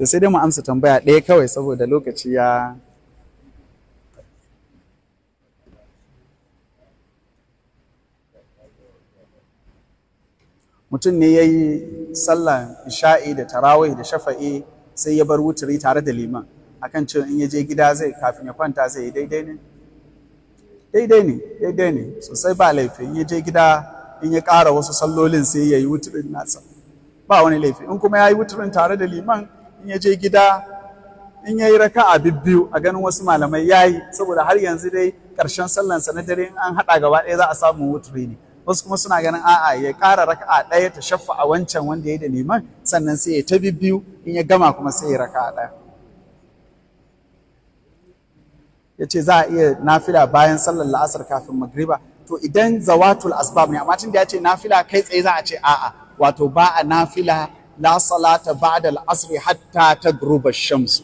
to sai dai mu amsa tambaya ɗaya kawai saboda lokaci ya mutum ne ya yi sallah isha'i da tarawih da shafa'i sai ya bar wuturi tare da liman akan cewa in ya je gida zai kafin ya kwanta zai yi daidai ne daidai ne daidai ne sosai ba laifi in ya je gida in ya ƙara wasu sallolin sai ya yi wuturin nasa ba wani laifi in kuma ya yi wuturin tare da liman in ya je gida in ya yi raka a bibbiyu a ganin wasu malamai ya yi saboda har yanzu dai ƙarshen sallansa na dare in an haɗa gaba ɗaya za a samu wuturi ne wasu kuma suna ganin a'a ya ƙara a ɗaya ta shaffa a wancan wanda ya yi da neman, sannan sai ya ta bibbiyu in ya gama kuma sai ya raka a ɗaya ya ce za a iya nafila bayan sallar la'asar kafin magriba to idan zawatul asbab ne amma tun da ya ce nafila kai tsaye za a ce a'a wato ba a nafila la salata ba'da al-asri hatta tagruba ash-shams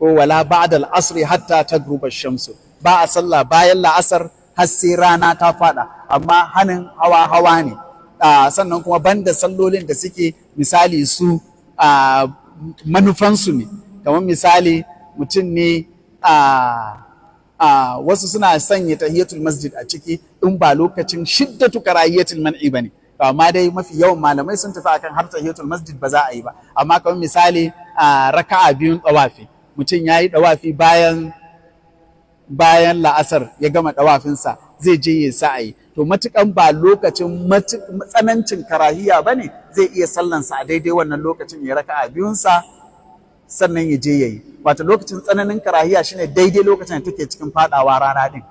ko wala ba'da al-asri hatta tagruba shamsu ba a sallah bayan la'asar har sai rana ta fada amma hanin hawa hawa ne sannan kuma banda sallolin da suke misali su manufansu ne kamar misali mutum ne a wasu suna sanya tahiyatul masjid a ciki in ba lokacin shiddatu karahiyatul man'i bane amma dai mafi yawan malamai sun tafi akan har tahiyatul masjid ba za a yi ba amma kamar misali a raka'a biyun dawafi mutum yayi dawafi bayan bayan la'asar ya gama dawafinsa zai je ya sa a yi. to matukan ba lokacin matsanancin karahiya ne zai iya sallansa a daidai wannan lokacin ya raka'a biyunsa sannan ya je ya yi. wato lokacin tsananin karahiya shine daidai lokacin da take cikin fadawa rana din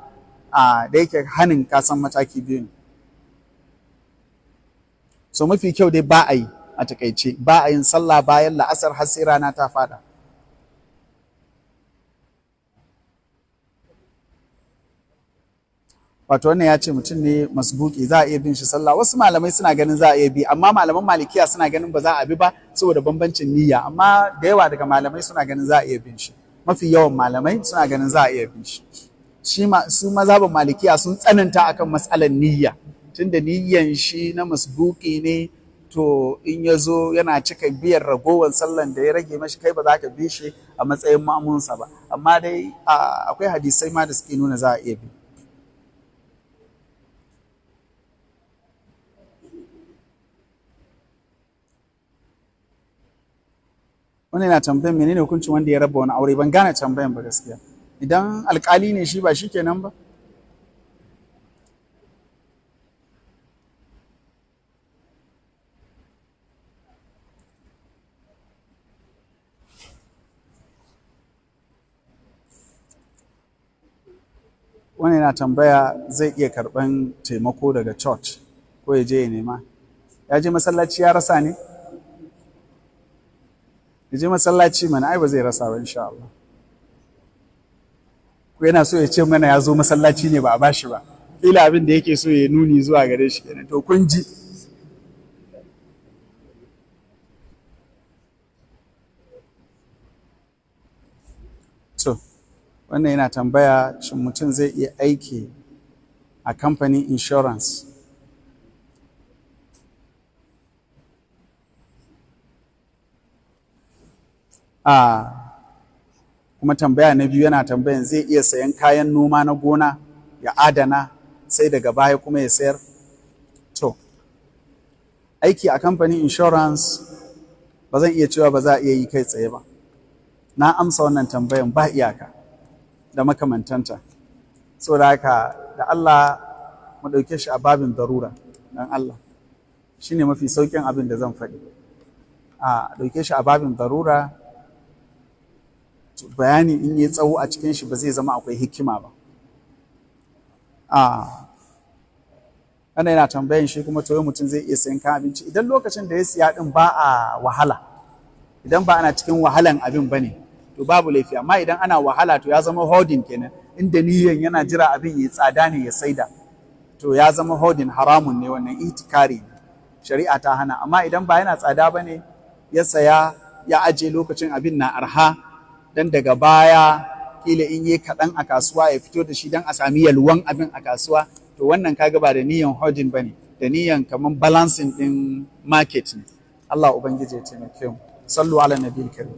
a da yake hanin kasan mataki biyu ne. so mafi kyau dai ba a yi a takaice ba a yin sallah bayan la'asar har sai rana ta fada wato wannan ya ce mutum ne masbuki za a iya bin shi sallah wasu malamai suna ganin za a iya bi amma malaman malikiya suna ganin ba za a bi ba saboda bambancin niyya amma da yawa daga malamai suna ganin za a iya bin shi mafi yawan malamai suna ganin za a iya bin shi shi su mazhabin malikiya sun tsananta akan matsalar niyya tunda niyyan shi na masbuki ne to in ya zo yana cika biyan ragowar sallan da ya rage mashi kai ba za ka bi shi a matsayin ma'amunsa ba amma dai akwai hadisai ma da suke nuna za a iya bi wani na tambayan menene hukuncin wanda ya raba wani aure ban gane tambayan ba gaskiya idan alkali ne shi ba shi kenan ba wani yana tambaya zai iya karɓan taimako daga church ko ya je ya nema ya je masallaci ya rasa ne ya je masallaci mana ai ba zai rasa ba insha Allah ko yana so ya ce mana ya zo masallaci ne ba a bashi ba ila abin da yake so ya nuni zuwa gare shi kenan to kun ji so wannan yana tambaya shin mutum zai iya aiki a kamfanin insurance a kuma tambaya na biyu yana tambayan zai iya sayan kayan noma na gona ya adana sai daga baya kuma ya sayar to aiki a kamfanin insurance ba zan iya cewa ba za a iya yi kai tsaye ba na amsa wannan tambayan ba iyaka da makamantanta saboda haka da Allah mu ɗauke shi a babin darura dan Allah shi ne mafi saukin abin da zan faɗi a ɗauke shi a babin darura bayani in yi tsawo a cikin shi ba zai zama akwai hikima ba a ana yana tambayin shi kuma to mutum zai iya sayan kan abinci idan lokacin da ya siya din ba a wahala idan ba ana cikin wahalan abin ba ne to babu laifi amma idan ana wahala to ya zama hodin kenan inda niyan yana jira abin ya tsada ne ya saida to ya zama hodin haramun ne wannan itikari shari'a ta hana amma idan ba yana tsada ba ne ya saya ya aje lokacin abin na arha dan daga baya kila in yi kaɗan a kasuwa ya fito da shi dan a sami yalwan abin a kasuwa to wannan kaga ba da niyan hodin ba ne da niyan kamar balancing din market ne Allah Ubangiji ya taimake mu sallu ala nabiyil karim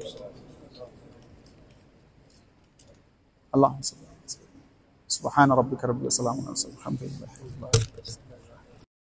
اللهم صل على سيدنا سبحان ربك رب العزه عما يصفون